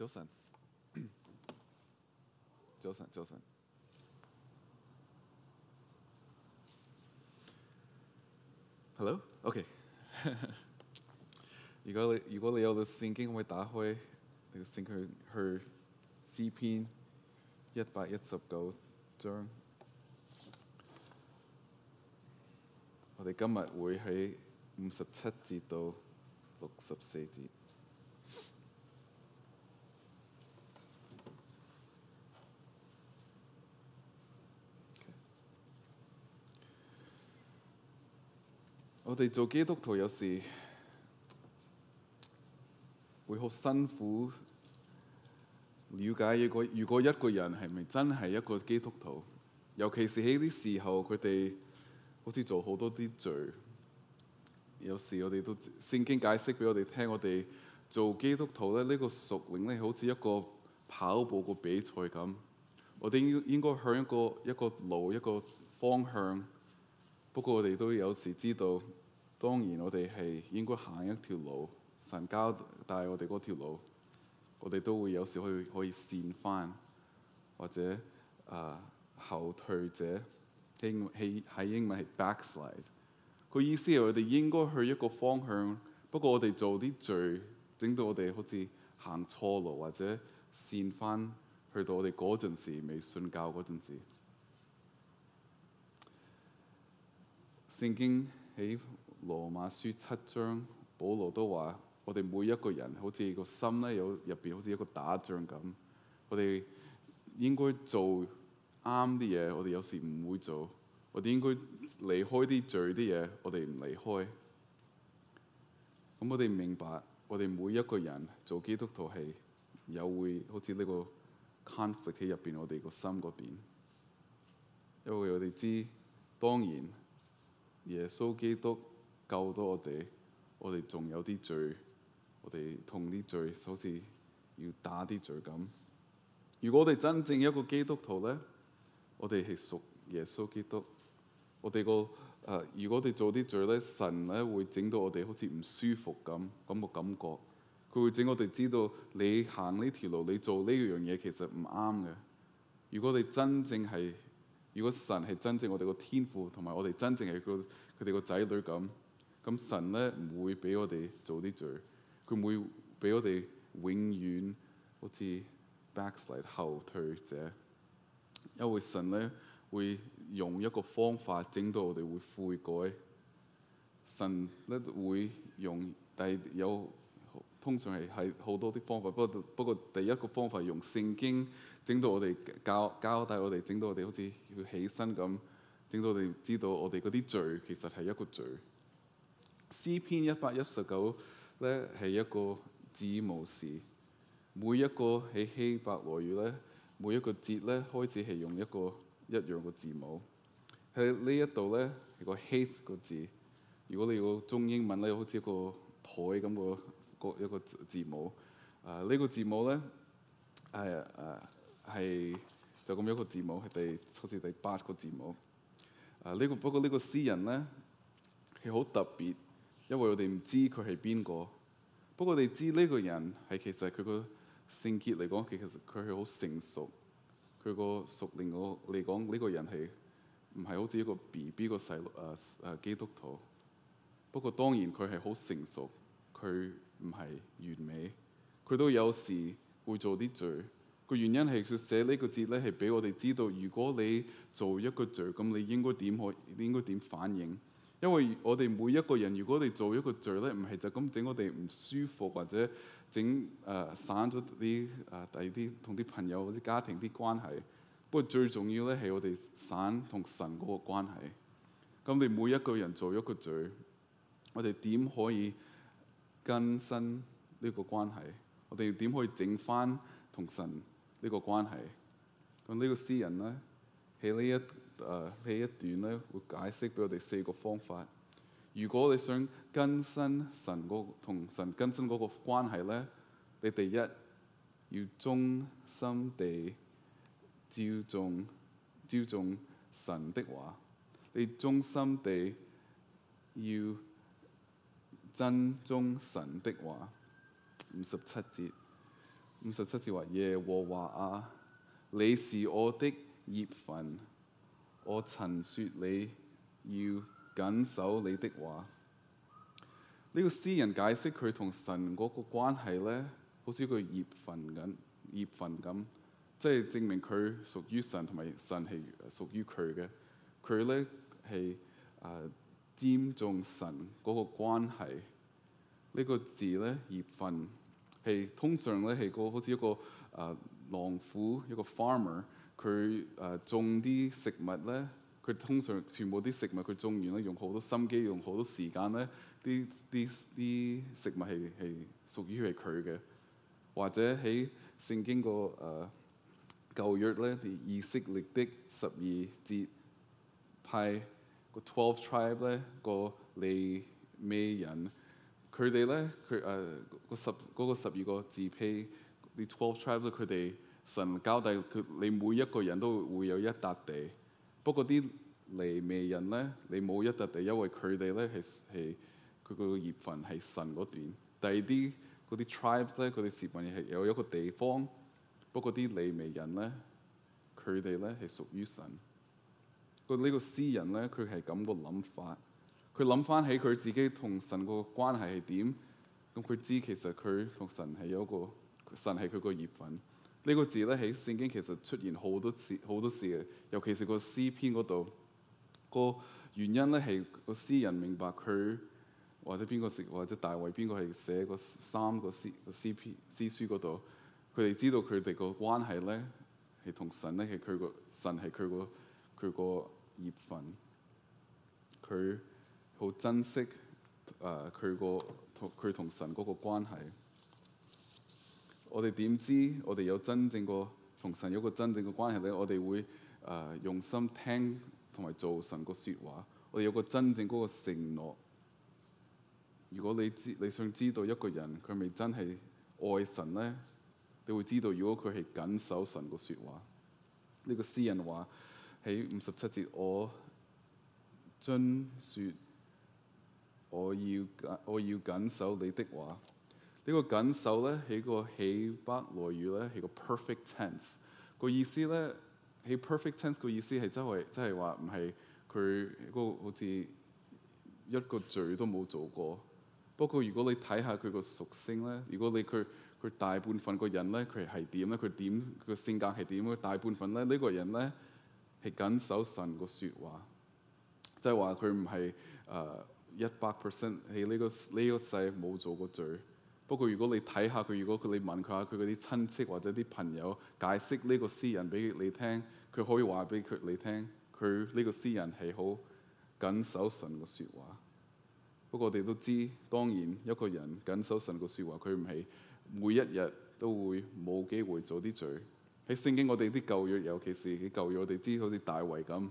早晨，早晨，早晨。Hello，OK。如果你如果你有個聖經，我會打開你個聖經去詩篇一百一十九章。我哋今日會喺五十七節到六十四節。我哋做基督徒有時會好辛苦了解一個，如果一個人係咪真係一個基督徒，尤其是喺啲時候佢哋好似做好多啲罪，有時我哋都聖經解釋俾我哋聽，我哋做基督徒咧呢個屬靈咧好似一個跑步個比賽咁，我哋應該應該向一個一個路一個方向。不過我哋都有時知道，當然我哋係應該行一條路，神教帶我哋嗰條路，我哋都會有時可以可以扇翻，或者啊、呃、後退者，英英喺英文係 backslide，佢意思係我哋應該去一個方向，不過我哋做啲罪，整到我哋好似行錯路或者扇翻，去到我哋嗰陣時未信教嗰陣時。聖經喺羅馬書七章，保羅都話：我哋每一個人好似個心咧，有入邊好似一個打仗咁。我哋應該做啱啲嘢，我哋有時唔會做；我哋應該離開啲罪啲嘢，我哋唔離開。咁我哋明白，我哋每一個人做基督徒係有會好似呢個 conflict 喺入邊我哋個心嗰邊，因為我哋知當然。耶穌基督救到我哋，我哋仲有啲罪，我哋同啲罪好似要打啲罪咁。如果我哋真正一個基督徒咧，我哋係屬耶穌基督，我哋個誒，如果我哋做啲罪咧，神咧會整到我哋好似唔舒服咁，咁個感覺，佢會整我哋知道你行呢條路，你做呢樣嘢其實唔啱嘅。如果我哋真正係，如果神係真正我哋個天父，同埋我哋真正係佢佢哋個仔女咁，咁神咧唔會俾我哋做啲罪，佢唔會俾我哋永遠好似 backslide 後退者，因為神咧會用一個方法整到我哋會悔改，神咧會用，但係有。通常係係好多啲方法，不過不過第一個方法用聖經整到我哋教交代我哋，整到我哋好似要起身咁，整到我哋知道我哋嗰啲罪其實係一個罪。詩篇一百一十九咧係一個字母詞，每一個喺希伯來語咧每一個節咧開始係用一個一樣個字母，喺呢一度咧係個 hate 個字，如果你用中英文咧好似一個台咁個。個一個字母，啊、呃、呢、這個字母咧，係誒係就咁一個字母，係第好似第八個字母。啊、呃這個、呢個不過呢個詩人咧，係好特別，因為我哋唔知佢係邊個。不過我哋知呢個人係其實佢個聖潔嚟講，其實佢係好成熟。佢個熟練我嚟講，呢、這個人係唔係好似一個 B B 個細路誒誒基督徒？不過當然佢係好成熟，佢。唔係完美，佢都有時會做啲罪。個原因係，佢寫呢個節咧係俾我哋知道如，如果你做一個罪，咁你應該點可？應該點反應？因為我哋每一個人，如果我哋做一個罪咧，唔係就咁整，我哋唔舒服或者整誒、呃、散咗啲誒第二啲同啲朋友、啲家庭啲關係。不過最重要咧係我哋散同神嗰個關係。咁你每一個人做一個罪，我哋點可以，更新呢個關係，我哋點可以整翻同神呢個關係？咁呢個詩人咧，喺呢一誒喺、呃、一段咧，會解釋俾我哋四個方法。如果你想更新神同、嗰個、神更新嗰個關係咧，你第一要忠心地照重照重神的話，你忠心地要。真宗神的話，五十七節，五十七節話： 耶和華啊，你是我的業份。」我曾説你要緊守你的話。呢 個詩人解釋佢同神嗰個關係咧，好似一個業份咁，業份咁，即係證明佢屬於神，同埋神係屬於佢嘅。佢咧係啊。尊重神嗰個關係，呢、這個字咧業份，係通常咧係個好似一個誒農夫一個 farmer，佢誒、呃、種啲食物咧，佢通常全部啲食物佢種完咧，用好多心機，用好多時間咧，啲啲啲食物係係屬於係佢嘅，或者喺聖經個誒舊約咧，係、呃、以色列的十二支派。個 twelve tribe 咧，個利未人，佢哋咧佢誒十嗰個十二個支派，啲 twelve tribes 佢哋，神交代佢，你每一個人都會有一笪地，不過啲利未人咧，你冇一笪地，因為佢哋咧係係佢個業份係神嗰段。第二啲嗰啲 tribes 咧，佢哋業份係有一個地方，不過啲利未人咧，佢哋咧係屬於神。個詩呢個詩人咧，佢係咁個諗法，佢諗返起佢自己同神個關係係點，咁佢知其實佢同神係有一個神係佢個業份。呢、呢個字咧喺聖經其實出現好多次，好多次嘅，尤其是個詩篇嗰度。嗰個原因咧係個詩人明白佢或者邊個寫，或者大衛邊個係寫個三個詩詩篇詩書嗰度，佢哋知道佢哋個關係咧係同神咧係佢個神係佢個佢個。熱份，佢好珍惜誒，佢、呃、個佢同神嗰個關係。我哋點知我哋有真正個同神有個真正嘅關係咧？我哋會誒、呃、用心聽同埋做神個說話。我哋有個真正嗰個承諾。如果你知你想知道一個人佢咪真係愛神咧，你會知道如果佢係謹守神個說話呢、這個詩人話。喺五十七節，我遵說我要緊我要緊守你的話。這個、呢個緊守咧，喺個希伯來語咧，係個 perfect tense，這個意思咧。喺 perfect tense 個意思係真係即係話唔係佢嗰個好似一個罪都冇做過。不過如果你睇下佢個屬性咧，如果你佢佢大半份個人咧，佢係點咧？佢點個性格係點？大半份咧，呢、這個人咧。係緊守神個説話，即係話佢唔係誒一百 percent 喺呢個呢個世冇做過罪。不過如果你睇下佢，如果你問佢下佢嗰啲親戚或者啲朋友解釋呢個詩人俾你聽，佢可以話俾佢你聽，佢呢個詩人係好緊守神個説話。不過我哋都知，當然一個人緊守神個説話，佢唔係每一日都會冇機會做啲罪。喺聖經我哋啲舊約，尤其是喺舊約我哋知好似大衛咁，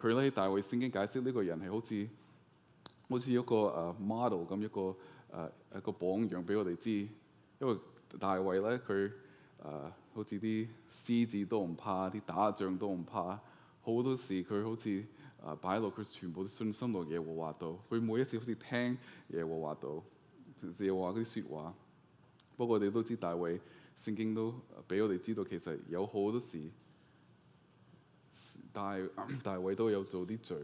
佢咧喺大衛聖經解釋呢個人係好似好似一個誒、uh, model 咁一個誒、uh, 一個榜樣俾我哋知，因為大衛咧佢誒好似啲獅子都唔怕，啲打仗都唔怕，多時好多事佢好似誒擺落佢全部信心落耶和華度，佢每一次好似聽耶和華到，平時話嗰啲説話。不過我哋都知大衛。聖經都俾我哋知道，其實有好多事，但大衛 都有做啲罪。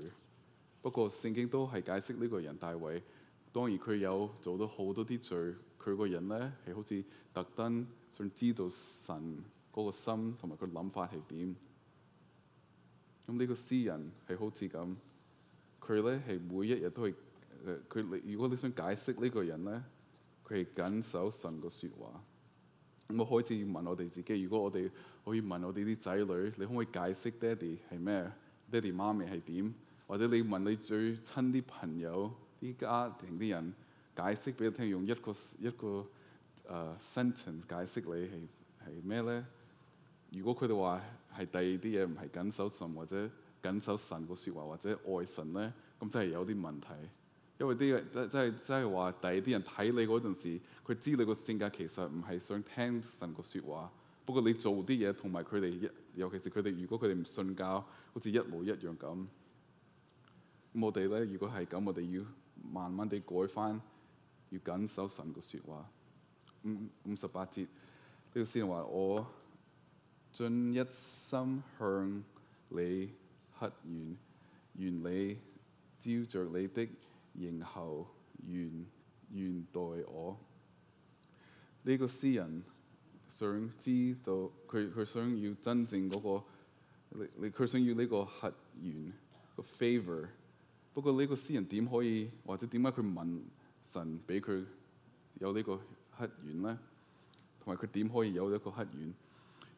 不過聖經都係解釋呢個人大衛，當然佢有做到好多啲罪。佢個人咧係好似特登想知道神嗰個心同埋佢諗法係點。咁呢個詩人係好似咁，佢咧係每一日都係，佢、呃、你如果你想解釋呢個人咧，佢係謹守神個説話。我開始問我哋自己。如果我哋可以問我哋啲仔女，你可唔可以解釋爹哋係咩？爹哋媽咪係點？或者你問你最親啲朋友、啲家庭啲人，解釋俾佢聽，用一個一個誒、uh, sentence 解釋你係係咩咧？如果佢哋話係第二啲嘢，唔係緊守神或者緊守神個説話，或者愛神咧，咁真係有啲問題。因為啲人真真係真係話，第二啲人睇你嗰陣時，佢知你個性格其實唔係想聽神個説話。不過你做啲嘢，同埋佢哋，尤其是佢哋，如果佢哋唔信教，好似一模一樣咁。咁我哋咧，如果係咁，我哋要慢慢地改翻，要緊守神個説話。五五十八節呢個詩人話，我盡一心向你乞願，願你照着你的。然後願願待我。呢、這個詩人想知道佢佢想要真正嗰、那個，佢佢想要呢個乞願個 favor 不過呢個詩人點可以，或者點解佢問神俾佢有個呢個乞願咧？同埋佢點可以有一個乞願？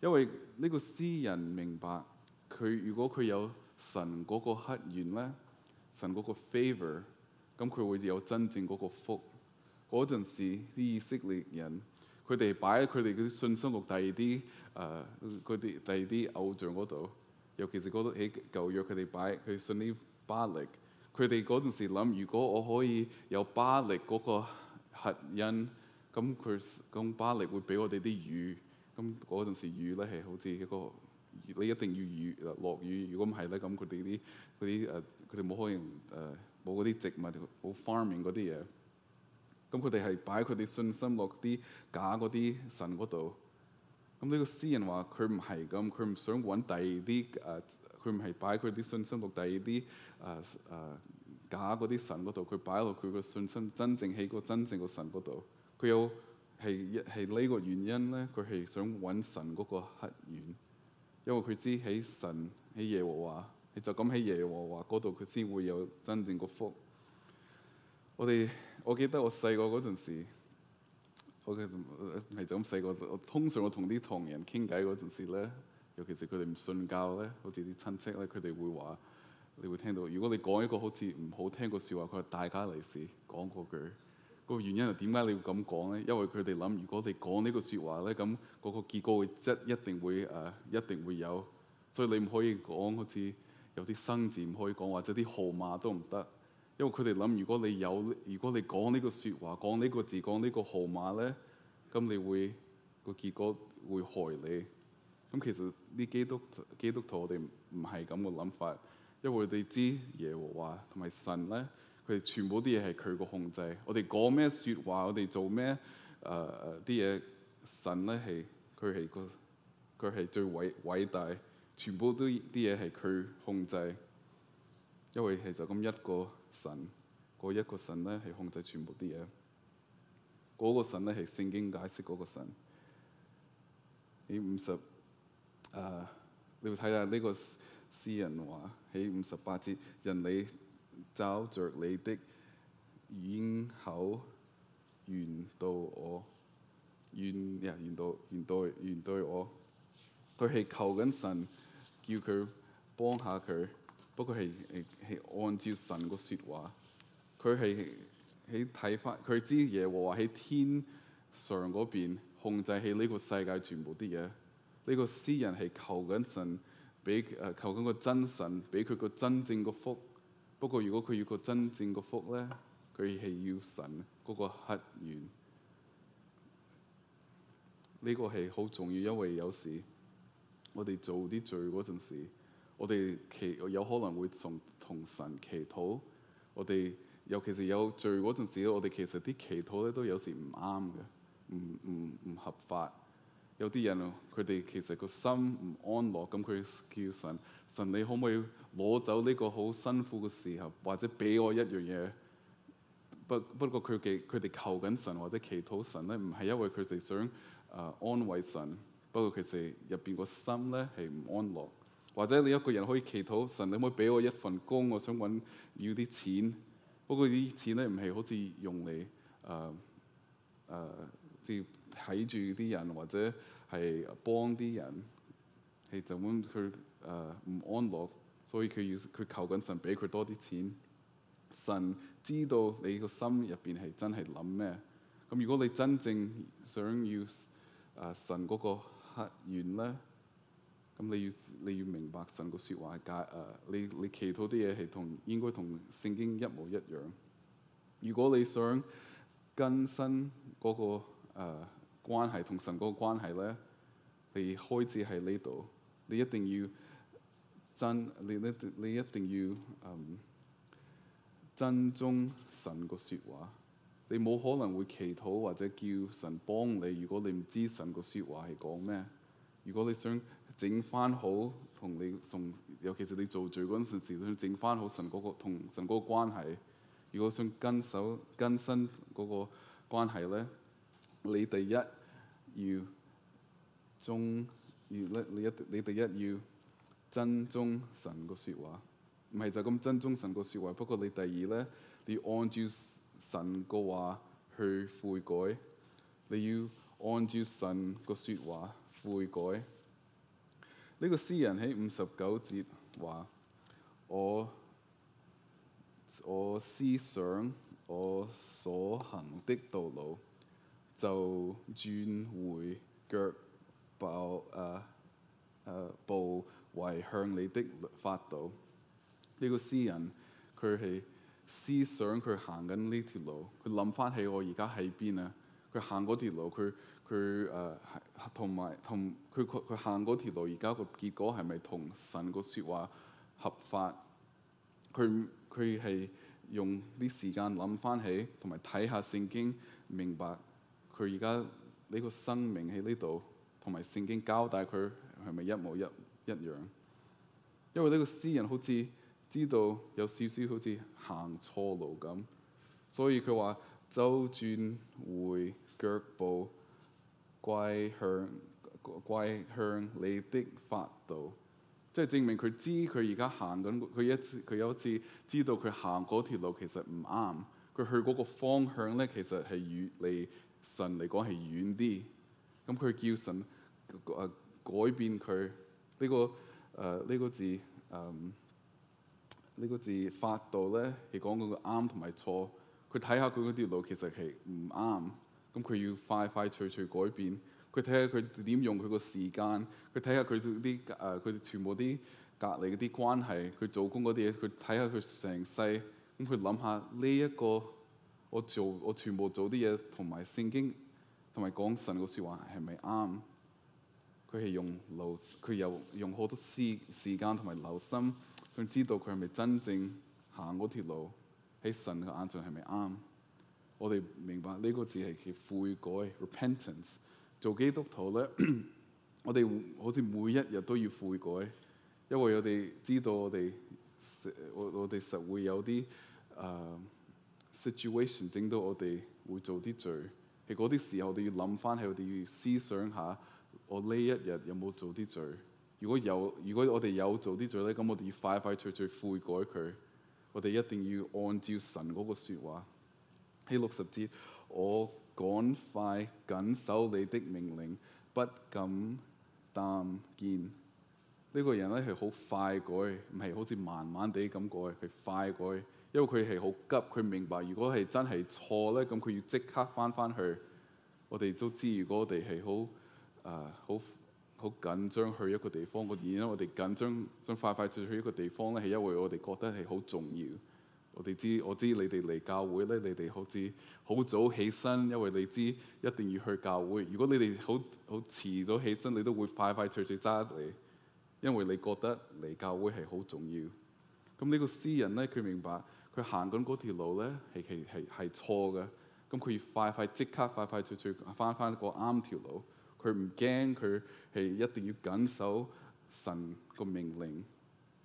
因為呢個詩人明白，佢如果佢有神嗰個乞願咧，神嗰個 favor 咁佢會有真正嗰個福。嗰陣時啲以色列人，佢哋擺喺佢哋啲信心度第二啲誒啲第二啲偶像嗰度，尤其是嗰度喺舊約佢哋擺佢信啲巴力。佢哋嗰陣時諗：如果我可以有巴力嗰個核因，咁佢咁巴力會俾我哋啲雨。咁嗰陣時雨咧係好似一個你一定要雨，落雨，如果唔係咧，咁佢哋啲啲誒佢哋冇可能誒。呃冇嗰啲植物，冇 farming 嗰啲嘢，咁佢哋係擺佢哋信心落啲假嗰啲神嗰度。咁呢個詩人話，佢唔係咁，佢唔想揾第二啲誒，佢唔係擺佢啲信心落第二啲誒誒假嗰啲神嗰度，佢擺落佢個信心真正喺個真正個神嗰度。佢有係係呢個原因咧，佢係想揾神嗰個黑院，因為佢知喺神喺耶和華。你就咁喺耶和華嗰度，佢先會有真正個福。我哋我記得我細個嗰陣時，我記得，我係就咁細個。通常我同啲唐人傾偈嗰陣時咧，尤其是佢哋唔信教咧，好似啲親戚咧，佢哋會話你會聽到。如果你講一個好似唔好聽嘅説話，佢係大家利是。」講嗰句個原因係點解你會咁講咧？因為佢哋諗，如果你講呢個説話咧，咁嗰個結果會一一定會誒一定會有，所以你唔可以講好似。有啲生字唔可以講，或者啲號碼都唔得，因為佢哋諗，如果你有，如果你講呢個説話，講呢個字，講呢個號碼咧，咁你會個結果會害你。咁其實啲基督基督徒我哋唔係咁個諗法，因為我哋知耶和華同埋神咧，佢哋全部啲嘢係佢個控制。我哋講咩説話，我哋做咩，誒啲嘢，神咧係佢係個佢係最偉偉大，全部都啲嘢係佢控制，因為係就咁一個神，一個神咧係控制全部啲嘢，嗰個神咧係聖經解釋個神。50, uh, 你五十，誒，你睇下呢個詩人話，喺五十八節，人你罩着你的咽口，願到我，願呀，願到願到願到我。佢係求緊神，叫佢幫下佢，不過係係按照神個說話。佢係喺睇返，佢知耶和華喺天上嗰邊控制起呢個世界全部啲嘢，呢、這個詩人係求緊神，俾誒、啊、求緊個真神俾佢個真正個福。不過如果佢要個真正個福咧，佢係要神嗰、那個乞願。呢、這個係好重要，因為有時。我哋做啲罪嗰陣時，我哋祈有可能會同同神祈禱。我哋尤其是有罪嗰陣時，我哋其實啲祈禱咧都有時唔啱嘅，唔唔唔合法。有啲人佢哋其實個心唔安樂，咁佢叫神，神你可唔可以攞走呢個好辛苦嘅時候，或者俾我一樣嘢？不不過佢佢哋求緊神或者祈禱神咧，唔係因為佢哋想誒、呃、安慰神。不過其實入邊個心咧係唔安樂，或者你一個人可以祈禱神，神你可唔可以俾我一份工？我想揾要啲錢。錢不過啲錢咧唔係好似用嚟誒誒，即係睇住啲人或者係幫啲人，係就咁佢誒唔安樂。所以佢要佢求緊神俾佢多啲錢。神知道你個心入邊係真係諗咩？咁如果你真正想要誒神嗰個，完咧，咁你要你要明白神個說話係解，誒、uh,，你你祈禱啲嘢係同應該同聖經一模一樣。如果你想更新、嗰個誒、uh, 關係同神個關係咧，你開始喺呢度，你一定要真，你你你一定要嗯、um, 珍重神個說話。你冇可能會祈禱或者叫神幫你，如果你唔知神個説話係講咩。如果你想整翻好同你從，尤其是你做罪嗰陣時你想整翻好神嗰個同神嗰個關係。如果想跟手更新嗰個關係咧，你第一要忠，你咧你一你第一要真忠神個説話，唔係就咁真忠神個説話。不過你第二咧，你要按照。神嘅話去悔改，你要按照神嘅說話悔改。呢、這個詩人喺五十九節話：我我思想我所行的道路就轉回腳步誒步歸向你的法度。呢、這個詩人佢係。思想佢行緊呢條路，佢諗翻起我而家喺邊啊！佢行嗰條路，佢佢誒同埋同佢佢佢行嗰條路，而家個結果係咪同神個說話合法？佢佢係用啲時間諗翻起，同埋睇下聖經，明白佢而家呢個生命喺呢度，同埋聖經交代佢係咪一模一一樣？因為呢個詩人好似。知道有少少好似行錯路咁，所以佢話周轉回腳步，歸向歸向你的法度，即係證明佢知佢而家行緊。佢一佢有一次知道佢行嗰條路其實唔啱，佢去嗰個方向咧其實係遠離神嚟講係遠啲。咁佢叫神誒改變佢呢、這個誒呢、呃這個字誒。嗯呢個字法度咧係講嗰個啱同埋錯。佢睇下佢嗰條路其實係唔啱，咁佢要快快脆脆改變。佢睇下佢點用佢個時間，佢睇下佢啲誒佢全部啲隔離嗰啲關係，佢做工嗰啲嘢，佢睇下佢成世，咁佢諗下呢一個我做我全部做啲嘢同埋聖經同埋講神個説話係咪啱？佢係用腦佢又用好多時時間同埋留心。想知道佢係咪真正行嗰條路喺神嘅眼上係咪啱？我哋明白呢、這個字係叫悔改 （repentance）。做基督徒咧， 我哋好似每一日都要悔改，因為我哋知道我哋我我哋實會有啲誒、uh, situation 整到我哋會做啲罪。係嗰啲時候我，我哋要諗翻，係我哋要思想下，我呢一日有冇做啲罪？如果有，如果我哋有做啲錯咧，咁我哋要快快脆脆悔改佢。我哋一定要按照神嗰個說話，喺六十節，我趕快緊守你的命令，不敢耽延。呢、這個人咧係好快改，唔係好似慢慢地咁改，佢快改。因為佢係好急，佢明白如果係真係錯咧，咁佢要即刻翻翻去。我哋都知，如果我哋係好，誒、呃、好。好緊張去一個地方，因我而家我哋緊張，想快快趣趣去一個地方咧，係因為我哋覺得係好重要。我哋知，我知你哋嚟教會咧，你哋好似好早起身，因為你知一定要去教會。如果你哋好好遲咗起身，你都會快快趣趣揸嚟，因為你覺得嚟教會係好重要。咁呢個詩人咧，佢明白佢行緊嗰條路咧係係係係錯嘅，咁佢要快快即刻快快趣趣返返個啱條路。佢唔驚，佢係一定要緊守神個命令。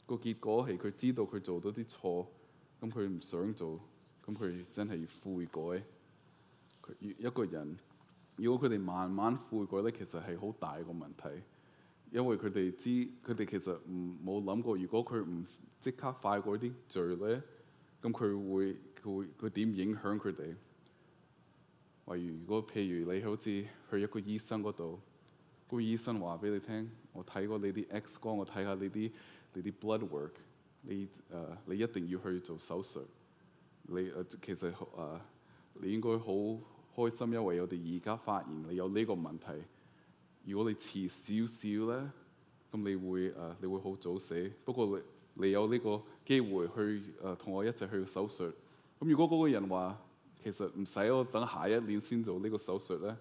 個結果係佢知道佢做到啲錯，咁佢唔想做，咁佢真係要悔改。佢一個人，如果佢哋慢慢悔改咧，其實係好大個問題，因為佢哋知佢哋其實唔冇諗過，如果佢唔即刻快過啲罪咧，咁佢會佢會佢點影響佢哋？例如，如果譬如你好似去一個醫生嗰度，嗰個醫生話俾你聽，我睇過你啲 X 光，我睇下你啲你啲 blood work，你誒、uh, 你一定要去做手術。你誒、uh, 其實誒、uh, 你應該好開心，因為我哋而家發現你有呢個問題。如果你遲少少咧，咁你會誒、uh, 你會好早死。不過你你有呢個機會去誒同、uh, 我一齊去手術。咁如果嗰個人話，其實唔使我等下一年先做呢個手術咧，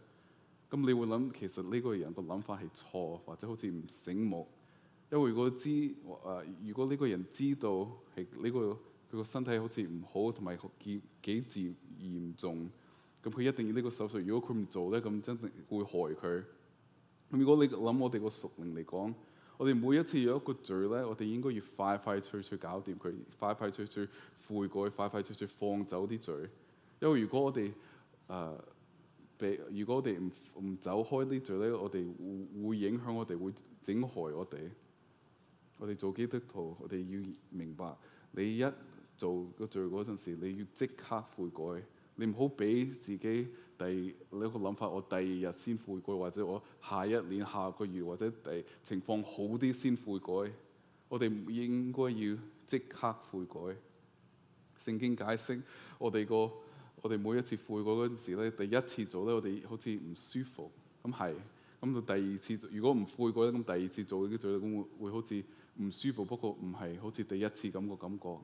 咁你會諗其實呢個人個諗法係錯，或者好似唔醒目。因為如果知誒、呃，如果呢個人知道係呢、這個佢個身體好似唔好，同埋幾幾治嚴重，咁佢一定要呢個手術。如果佢唔做咧，咁真正會害佢。如果你諗我哋個屬靈嚟講，我哋每一次有一個罪咧，我哋應該要快快脆脆搞掂佢，快快脆脆悔改，快快脆脆放走啲罪。因為如果我哋誒俾，如果我哋唔唔走開呢罪咧，我哋會影響我哋，會整害我哋。我哋做基督徒，我哋要明白，你一做個罪嗰陣時，你要即刻悔改。你唔好俾自己第一個諗法，我第二日先悔改，或者我下一年、下個月，或者第情況好啲先悔改。我哋應該要即刻悔改。聖經解釋我哋個。我哋每一次悔過嗰陣時咧，第一次做咧，我哋好似唔舒服。咁係，咁到第二次，如果唔悔過咧，咁第二次做已經做到咁會，會好似唔舒服。不過唔係好似第一次咁個感覺。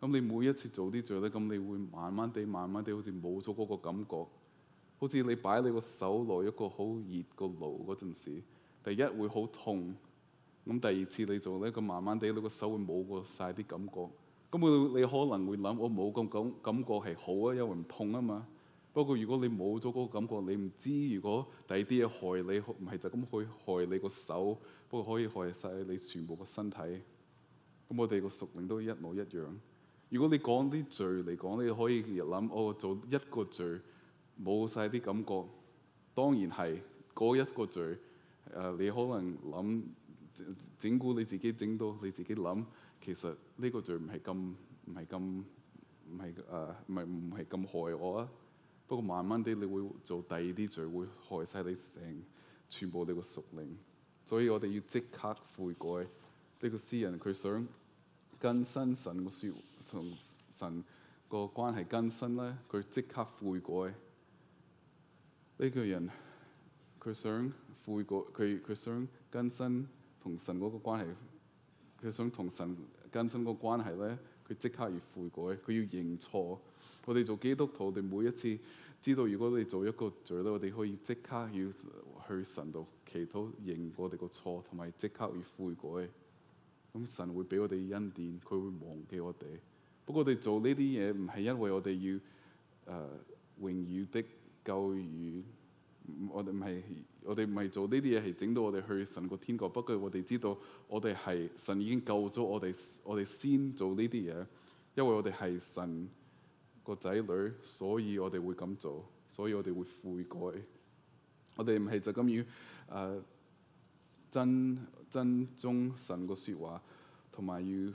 咁你每一次做啲做咧，咁你會慢慢地、慢慢地，好似冇咗嗰個感覺。好似你擺你個手落一個好熱個爐嗰陣時，第一會好痛。咁第二次你做咧，咁慢慢地你個手會冇過晒啲感覺。咁你可能會諗，我冇咁感感覺係好啊，因為唔痛啊嘛。不過如果你冇咗嗰感覺，你唔知如果第二啲嘢害你，唔係就咁去害你個手，不過可以害晒你全部個身體。咁我哋個屬命都一模一樣。如果你講啲罪嚟講，你可以諗，我、哦、做一個罪冇晒啲感覺，當然係嗰一個罪。誒，你可能諗整蠱你自己，整到你自己諗。其實呢個罪唔係咁，唔係咁，唔係誒，唔係唔係咁害我啊！不過慢慢啲，你會做第二啲罪會害晒你成全部你個屬靈。所以我哋要即刻悔改呢、這個詩人，佢想更新神個説同神個關係更新咧，佢即刻悔改呢、這個人，佢想悔改佢，佢想更新同神嗰個關係。佢想同神更新個關係，咧，佢即刻要悔改，佢要認錯。我哋做基督徒，我哋每一次知道，如果你做一個罪咧，我哋可以即刻要去神度祈禱，認我哋個錯，同埋即刻要悔改。咁、嗯、神會俾我哋恩典，佢會忘記我哋。不過我哋做呢啲嘢唔係因為我哋要誒、呃、永遠的救與。我哋唔係，我哋唔係做呢啲嘢，係整到我哋去神個天國。不過我哋知道我，我哋係神已經救咗我哋，我哋先做呢啲嘢，因為我哋係神個仔女，所以我哋會咁做，所以我哋會悔改。我哋唔係就咁要誒真真忠神個説話，同埋要誒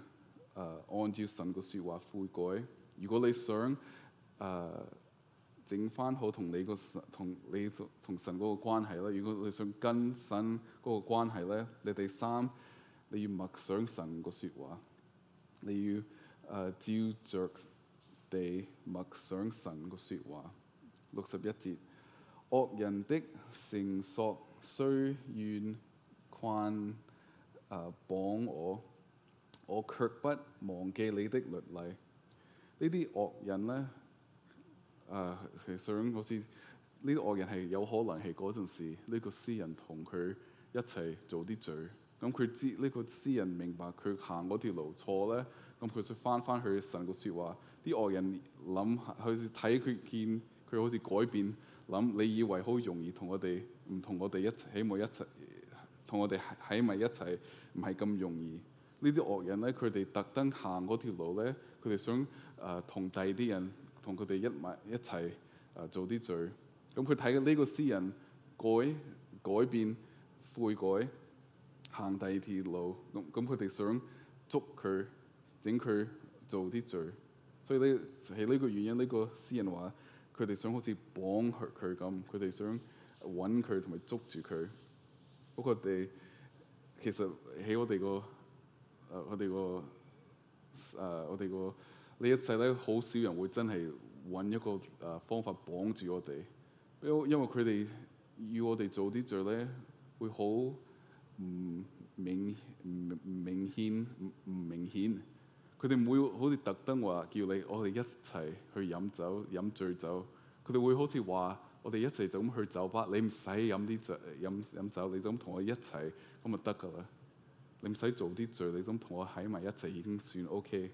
按照神個説話悔改。如果你想誒，呃整翻好同你個神同你同神嗰個關係啦。如果你想更新嗰個關係咧，你第三你要默想神嘅説話，你要誒晝夜地默想神嘅説話。六十一節，惡 人的繩索雖然困誒綁我，我卻不忘記你的律例。惡，呢啲惡人咧。啊，uh, 其實我想好似呢啲惡人係有可能係嗰陣時呢、呢個詩人同佢一齊做啲罪，咁佢知呢、呢個詩人明白佢行嗰條路錯咧，咁佢就翻翻去神嘅説話。啲惡人諗好似睇佢見佢好似改變，諗你以為好容易同我哋唔同我哋一起，冇一齊同我哋喺埋一齊，唔係咁容易。呢啲惡人咧，佢哋特登行嗰條路咧，佢哋想啊同第二啲人。同佢哋一埋一齊誒做啲罪，咁佢睇緊呢個詩人改改變悔改行第二條路，咁咁佢哋想捉佢整佢做啲罪，所以呢係呢個原因，呢、呢個詩人話，佢哋想好似綁佢佢咁，佢哋想揾佢同埋捉住佢。不過哋其實喺我哋個我哋個。誒、呃、我哋個。呃你一世咧，好少人會真係揾一個誒、呃、方法綁住我哋，因因為佢哋要我哋做啲罪咧，會好唔明明顯唔明顯。佢哋唔會好似特登話叫你，我哋一齊去飲酒飲醉酒。佢哋會好似話，我哋一齊就咁去酒吧，你唔使飲啲醉飲飲酒，你就咁同我一齊咁咪得㗎喇。你唔使做啲罪，你咁同我喺埋一齊已經算 OK。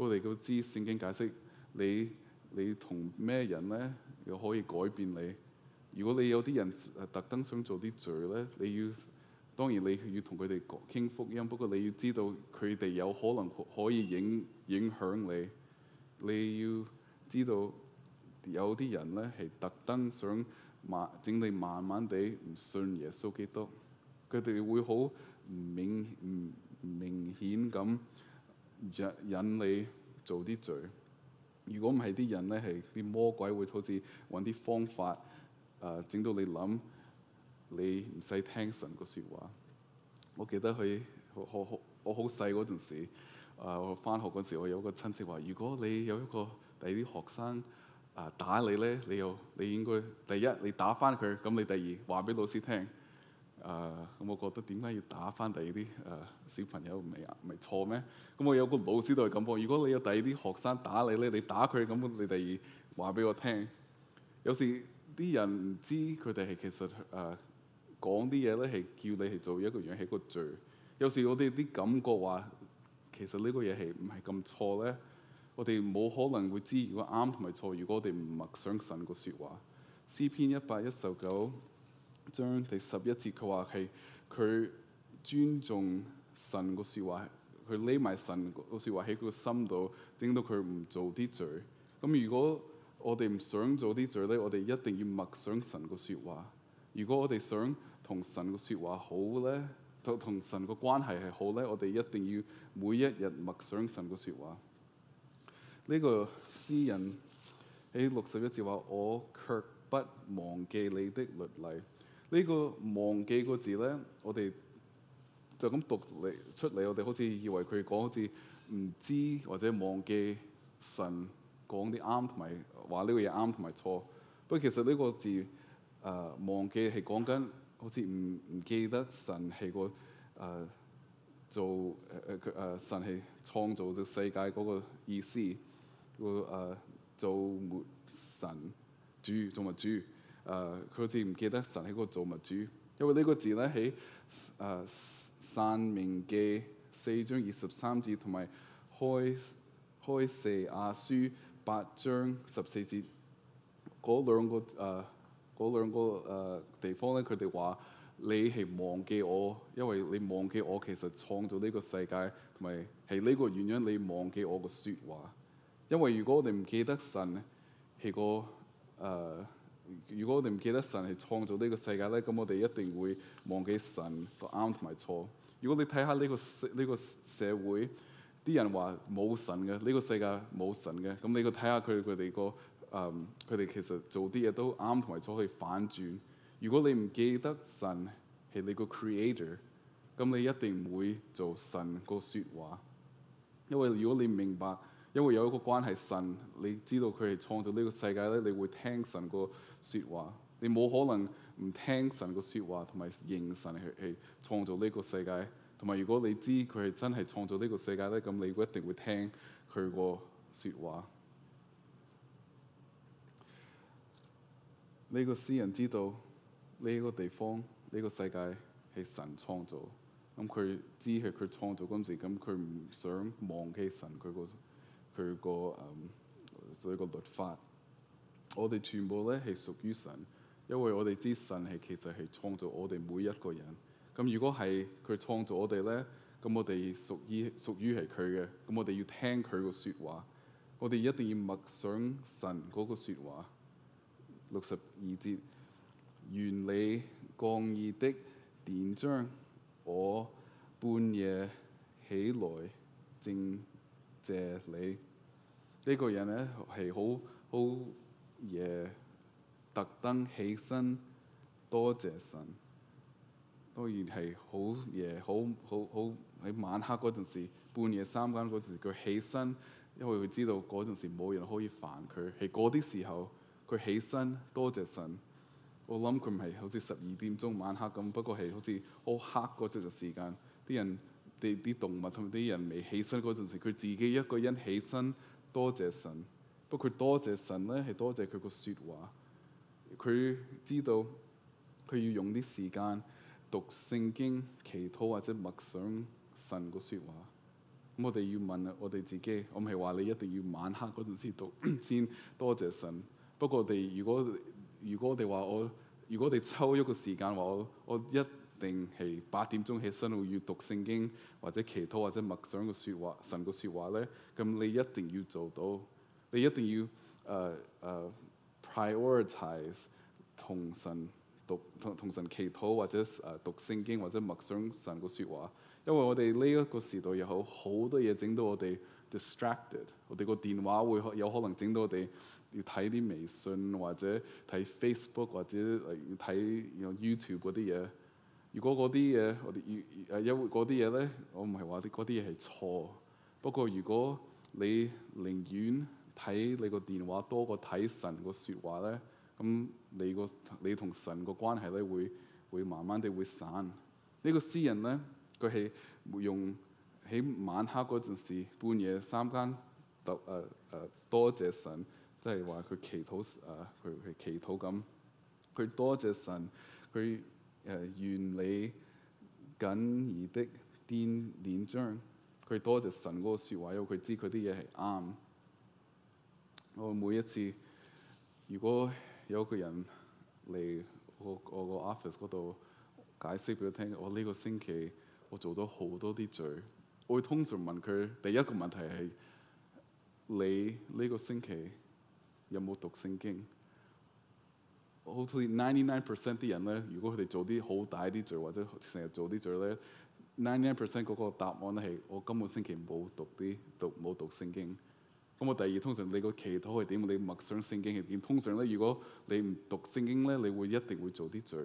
我哋都知聖經解釋，你你同咩人咧，又可以改變你？如果你有啲人誒特登想做啲罪咧，你要當然你要同佢哋講傾福音，不過你要知道佢哋有可能可以影影響你。你要知道有啲人咧係特登想慢，整你慢慢地唔信耶穌基督，佢哋會好明唔明顯咁。引你做啲罪，如果唔係啲人咧，係啲魔鬼，會好似揾啲方法，誒、呃、整到你諗，你唔使聽神個說話。我記得佢我我我好細嗰陣時，我翻、呃、學嗰時，我有一個親戚話，如果你有一個第啲學生誒、呃、打你咧，你又你應該第一你打翻佢，咁你第二話俾老師聽。啊，咁、uh, 我覺得點解要打翻第二啲啊小朋友唔咪啊咪錯咩？咁我有個老師都係咁講：如果你有第二啲學生打你咧，你打佢咁，你哋話俾我聽。有時啲人唔知佢哋係其實啊講啲嘢咧係叫你係做一個樣係一個罪。有時我哋啲感覺話其實呢個嘢係唔係咁錯咧？我哋冇可能會知如果啱同埋錯。如果我哋唔默想信個説話，詩篇一百一十九。將第十一節，佢話係佢尊重神個説話，佢匿埋神個説話喺佢個心度，整到佢唔做啲罪。咁如果我哋唔想做啲罪咧，我哋一定要默想神個説話。如果我哋想同神個説話好咧，同同神個關係係好咧，我哋一定要每一日默想神個説話。呢個詩人喺六十一節話：我卻不忘記你的律例。呢個忘記個字咧，我哋就咁讀嚟出嚟，我哋好似以為佢講好似唔知或者忘記神講啲啱同埋話呢個嘢啱同埋錯。不過其實呢個字誒、呃、忘記係講緊好似唔唔記得神係個誒做誒誒誒神係創造咗世界嗰個意思，這個誒造、呃、神主同埋物主。誒佢好似唔記得神喺個造物主，因為呢個字咧喺誒申命記四章二十三節，同埋何何西阿書八章十四節嗰兩個誒嗰、呃、兩個、呃、地方咧，佢哋話你係忘記我，因為你忘記我其實創造呢個世界，同埋係呢個原因你忘記我個説話。因為如果你唔記得神係、個誒。呃如果我哋唔記得神係創造呢個世界咧，咁我哋一定會忘記神個啱同埋錯。如果你睇下呢個呢個社會，啲人話冇神嘅，呢個世界冇神嘅，咁你去睇下佢佢哋個誒，佢哋、嗯、其實做啲嘢都啱同埋錯，可以反轉。如果你唔記得神係你個 creator，咁你一定唔會做神個説話。因為如果你明白，因為有一個關係神，你知道佢係創造呢個世界咧，你會聽神個説話，你冇可能唔聽神個説話，同埋認神去係創造呢個世界。同埋如果你知佢係真係創造呢個世界咧，咁你一定會聽佢個説話。呢 個詩人知道呢、這個地方、呢、這個世界係神創造，咁佢知係佢創造陣時，咁佢唔想忘記神佢個佢個所以個律法。我哋全部咧係屬於神，因為我哋知神係其實係創造我哋每一個人。咁如果係佢創造我哋咧，咁我哋屬於屬於係佢嘅。咁我哋要聽佢個説話，我哋一定要默想神嗰個説話。六十二節，願你公義的典章，我半夜起來正謝你。呢、這個人咧係好好。嘢、yeah, 特登起身，多謝神，當然係、yeah, 好嘢，好好好，喺晚黑嗰陣時、半夜三更嗰時，佢起身，因為佢知道嗰陣時冇人可以煩佢，喺嗰啲時候佢起身，多謝神。我諗佢唔係好似十二點鐘晚黑咁，不過係好似好黑嗰隻隻時間，啲人、啲啲動物同啲人未起身嗰陣時，佢自己一個人起身，多謝神。不過多謝神咧，係多謝佢個説話。佢知道佢要用啲時間讀聖經、祈禱或者默想神個説話。咁我哋要問我哋自己，我唔係話你一定要晚黑嗰陣先讀 先多謝神。不過我哋如果，如果我哋話我，如果我哋抽一個時間話我，我一定係八點鐘起身，會要讀聖經或者祈禱或者默想個説話、神個説話咧，咁你一定要做到。你一定要誒誒、uh, uh, prioritize 同神讀同同神祈禱，或者誒、uh, 讀聖經或者默想神個說話，因為我哋呢一個時代又好好多嘢，整到我哋 distracted。我哋個電話會有可能整到我哋要睇啲微信，或者睇 Facebook，或者嚟睇 YouTube 嗰啲嘢。如果嗰啲嘢，我哋而誒有嗰啲嘢咧，我唔係話啲嗰啲嘢係錯，不過如果你寧願。睇你個電話多過睇神個説話咧，咁你個你同神個關係咧會會慢慢地會散，這個、詩呢個詩人咧，佢係用喺晚黑嗰陣時半夜三更就誒誒多謝神，即係話佢祈禱啊，佢、呃、佢祈禱咁，佢多謝神，佢誒願你公義的典章，佢多謝神嗰個説話，因為佢知佢啲嘢係啱。我每一次如果有個人嚟我我個 office 嗰度解釋俾佢聽，我呢個星期我做咗好多啲罪。我會通常問佢第一個問題係：你呢個星期有冇讀聖經？好似 ninety nine percent 啲人咧，如果佢哋做啲好大啲罪或者成日做啲罪咧，ninety nine percent 嗰個答案係：我今個星期冇讀啲讀冇讀聖經。咁我第二通常，你個祈禱係點？你默想聖經係點？通常咧，如果你唔讀聖經咧，你會一定會做啲罪。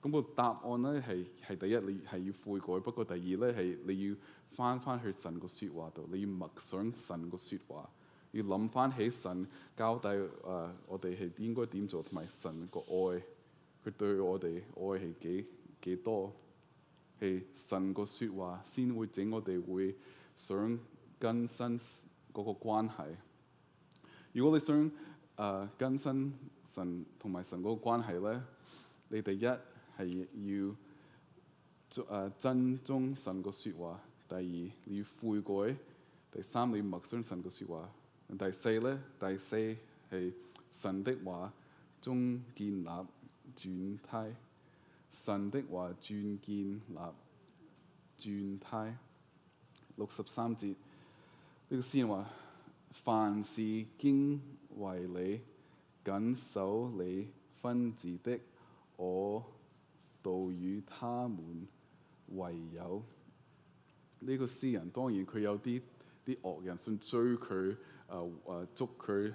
咁、那個答案咧係係第一，你係要悔改。不過第二咧係你要翻翻去神個說話度，你要默想神個說話，要諗翻起神交代誒、呃、我哋係應該點做，同埋神個愛，佢對我哋愛係幾幾多？係神個說話先會整我哋會想更新嗰個關係，如果你想誒更新神同埋神嗰個關係咧，你第一係要誒珍重神個説話，第二你要悔改，第三你要默想神個説話，第四咧，第四係神的話中建立轉胎，神的話轉建立轉胎，六十三節。呢個詩人話，凡事經為你謹守你分治的，我道與他們唯有呢，這個詩人，當然佢有啲啲惡人想追佢，誒、啊、誒、啊、捉佢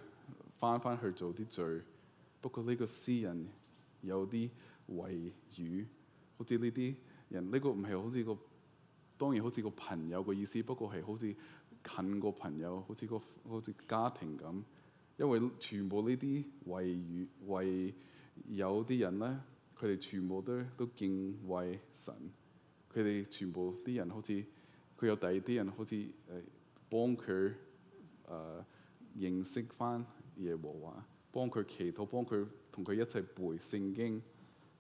翻翻去做啲罪。不過呢個詩人有啲為語，好似呢啲人呢，這個唔係好似個當然好似個朋友嘅意思，不過係好似。近個朋友好似個好似家庭咁，因為全部呢啲為與為有啲人咧，佢哋全部都都敬畏神，佢哋全部啲人好似佢有第二啲人好似誒幫佢誒認識返耶和華，幫佢祈禱，幫佢同佢一齊背聖經，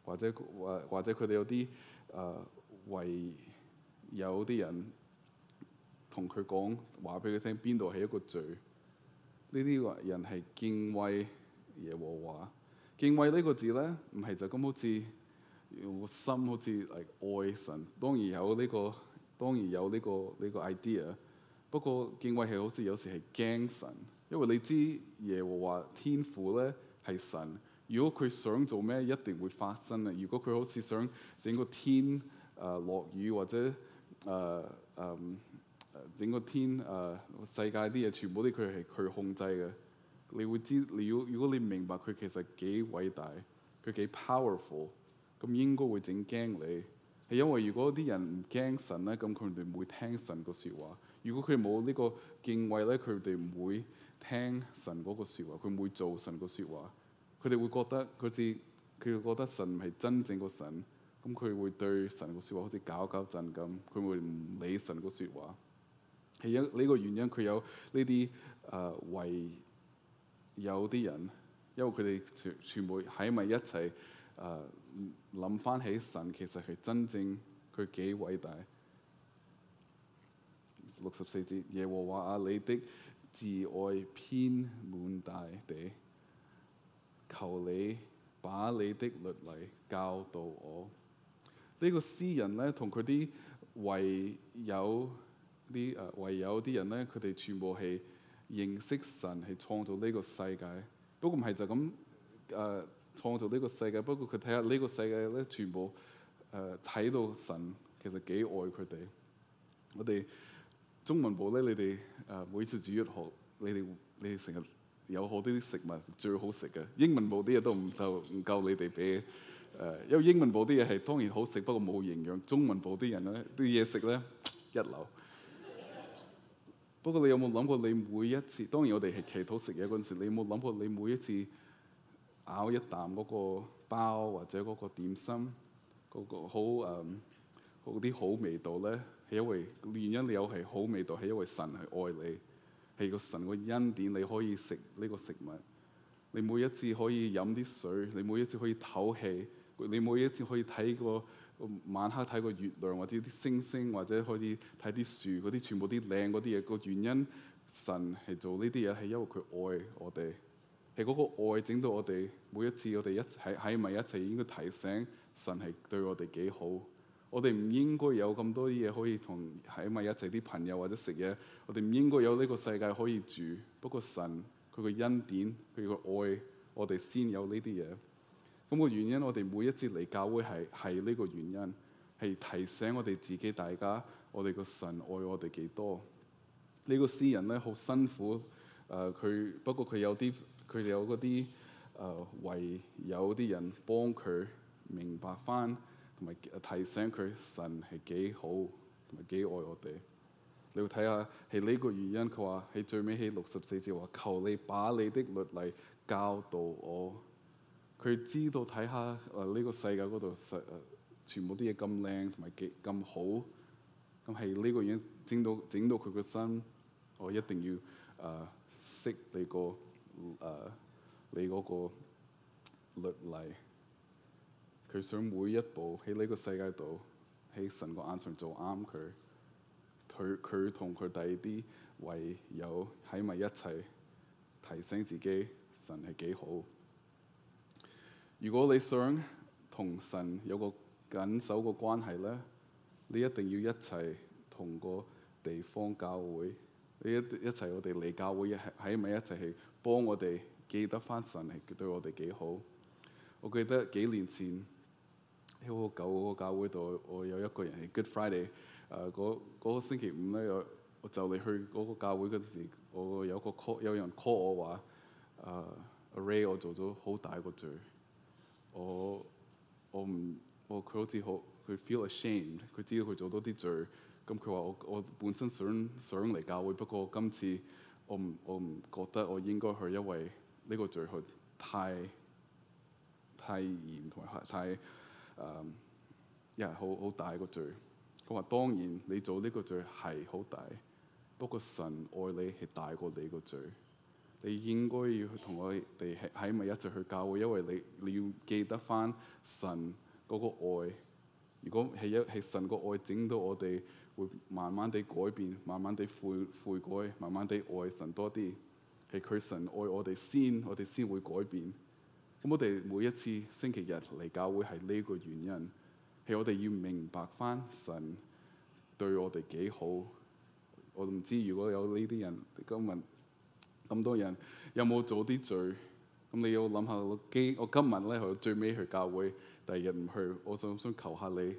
或者或或者佢哋有啲誒、呃、為有啲人。同佢講話，俾佢聽邊度係一個罪呢？呢啲人係敬畏耶和華。敬畏呢個字咧，唔係就咁好似個心好似係愛神，當然有呢、這個當然有呢、這個呢、這個 idea。不過敬畏係好似有時係驚神，因為你知耶和華天父咧係神，如果佢想做咩一定會發生。如果佢好似想整個天誒、呃、落雨或者誒、呃、嗯。整個天誒、啊、世界啲嘢，全部啲佢係佢控制嘅。你會知你要如果你明白佢其實幾偉大，佢幾 powerful，咁應該會整驚你係，因為如果啲人唔驚神咧，咁佢哋唔會聽神個説話。如果佢冇呢個敬畏咧，佢哋唔會聽神嗰個説話，佢唔會做神個説話。佢哋會覺得佢似佢覺得神唔係真正個神，咁佢會對神個説話好似搞搞震咁，佢會唔理神個説話。係因呢個原因，佢有呢啲誒為有啲人，因為佢哋全全部喺埋一齊誒諗翻起神，其實係真正佢幾偉大。六十四節，耶和華阿，啊、你的慈愛遍滿大地，求你把你的律例教導我。呢、呢個詩人咧，同佢啲為有。啲誒，唯有啲人咧，佢哋全部係認識神係創造呢個世界。不過唔係就咁誒、呃、創造呢個世界。不過佢睇下呢個世界咧，全部誒睇、呃、到神其實幾愛佢哋。我哋中文部咧，你哋誒、呃、每次煮一學，你哋你哋成日有好多啲食物最好食嘅。英文部啲嘢都唔夠唔夠你哋俾誒，因為英文部啲嘢係當然好食，不過冇營養。中文部啲人咧，啲嘢食咧一流。不過你有冇諗過你每一次？當然我哋係祈禱食嘢嗰陣時，你有冇諗過你每一次咬一啖嗰個包或者嗰個點心，嗰、嗰個好誒好啲好味道咧，係因為原因你有係好味道係因為神係愛你，係個神個恩典你可以食呢個食物。你每一次可以飲啲水，你每一次可以唞氣，你每一次可以睇個晚黑睇個月亮，或者啲星星，或者開啲睇啲樹嗰啲全部啲靚嗰啲嘢。個原因，神係做呢啲嘢，係因為佢愛我哋。係嗰個愛整到我哋每一次我一，我哋一喺喺埋一齊應該提醒神係對我哋幾好。我哋唔應該有咁多啲嘢可以同喺埋一齊啲朋友或者食嘢。我哋唔應該有呢個世界可以住。不過神佢個恩典，佢個愛，我哋先有呢啲嘢。咁個原因，我哋每一次嚟教會係係呢個原因，係提醒我哋自己大家，我哋個神愛我哋幾多？這個、詩呢個詩人咧好辛苦，誒、呃、佢不過佢有啲佢哋有嗰啲誒唯有啲人幫佢明白返，同埋提醒佢神係幾好，同埋幾愛我哋。你要睇下係呢個原因，佢話喺最尾起六十四節話求你把你的律例教導我。佢知道睇下啊呢個世界嗰度，誒、呃、全部啲嘢咁靚同埋幾咁好，咁係呢個已經整到整到佢個身。我一定要誒識、呃、你個誒、呃、你嗰個律例。佢想每一步喺呢個世界度，喺神個眼上做啱佢。佢佢同佢第二啲唯有喺埋一齊提醒自己神係幾好。如果你想同神有個緊守個關係咧，你一定要一齊同個地方教會，你一一齊我哋嚟教會，係咪一齊去幫我哋記得翻神係對我哋幾好？我記得幾年前喺我舊嗰個教會度，我有一個人係 Good Friday，誒、呃、嗰、那個星期五咧，我就你去嗰個教會嗰陣時，我有個 call，有個人 call 我話誒、呃、Ray，我做咗好大一個罪。我我唔我佢好似好佢 feel ashamed，佢知道佢做多啲罪，咁佢話我我本身想想嚟教會，不過今次我唔我唔覺得我應該去，因為呢個罪去太太嚴同埋太誒，又係好好大個罪。佢話當然你做呢個罪係好大，不過神愛你係大過你個罪。你應該要去同我哋喺咪一齊去教會，因為你你要記得返神嗰個愛。如果係一係神個愛整到我哋，會慢慢地改變，慢慢地悔悔改，慢慢地愛神多啲。係佢神愛我哋先，我哋先會改變。咁我哋每一次星期日嚟教會係呢個原因，係我哋要明白返神對我哋幾好。我唔知如果有呢啲人今日。咁多人有冇做啲罪？咁你要諗下，我今我今日咧，去最尾去教會，第二日唔去，我就想求下你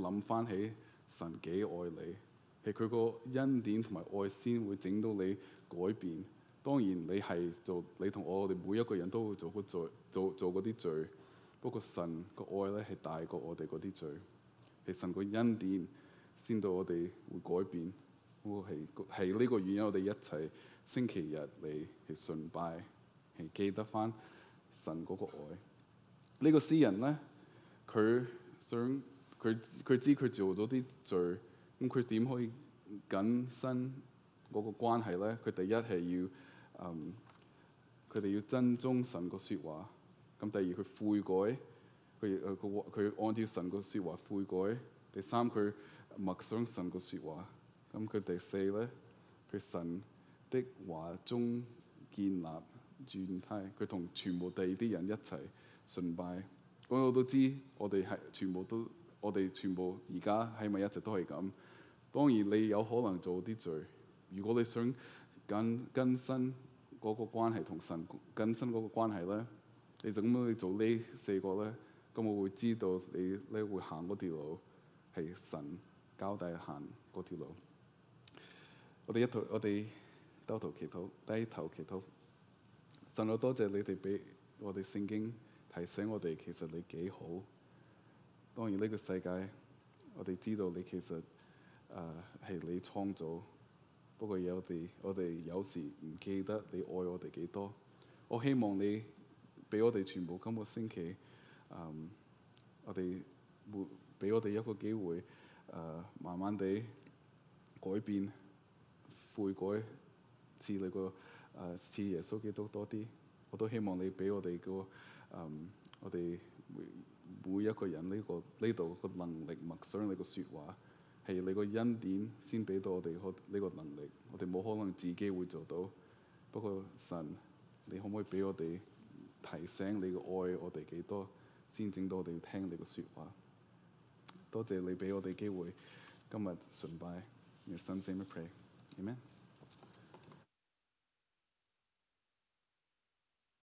諗翻起神幾愛你，係佢個恩典同埋愛先會整到你改變。當然你係做你同我哋每一個人都會做好罪，做做嗰啲罪。不過神個愛咧係大過我哋嗰啲罪，係神個恩典先到我哋會改變，我係，係呢個原因，我哋一齊。星期日嚟係順拜，係記得翻神嗰個愛。呢、這個詩人咧，佢想佢佢知佢做咗啲罪，咁佢點可以更新嗰個關係咧？佢第一係要嗯，佢哋要遵從神個説話。咁、嗯、第二佢悔改，佢佢佢按照神個説話悔改，第三佢默想神個説話。咁、嗯、佢第四咧，佢神。的華中建立轉態，佢同全部地啲人一齊崇拜。咁我都知，我哋係全部都，我哋全部而家係咪一直都係咁？當然你有可能做啲罪。如果你想跟更，更新嗰個關係同神更新嗰個關係咧，你就咁樣去做呢四個咧，咁我會知道你咧會行嗰條路係神交代行嗰條路。我哋一套，我哋。低頭祈禱，低頭祈禱。神，我多謝你哋俾我哋聖經提醒我哋，其實你幾好。當然呢個世界，我哋知道你其實誒係、呃、你創造，不過有哋我哋有時唔記得你愛我哋幾多。我希望你俾我哋全部今個星期，嗯、呃，我哋會俾我哋一個機會，誒、呃，慢慢地改變悔改。似你個誒似耶穌基督多啲，我都希望你俾我哋個誒我哋每每一個人呢、這個呢度、這個這個能力默想你個説話，係你個恩典先俾到我哋可呢個能力，我哋冇可能自己會做到。不過神，你可唔可以俾我哋提醒你個愛我哋幾多，先整到我哋聽你個説話？多謝你俾我哋機會，今日崇拜要深思咪 pray，amen。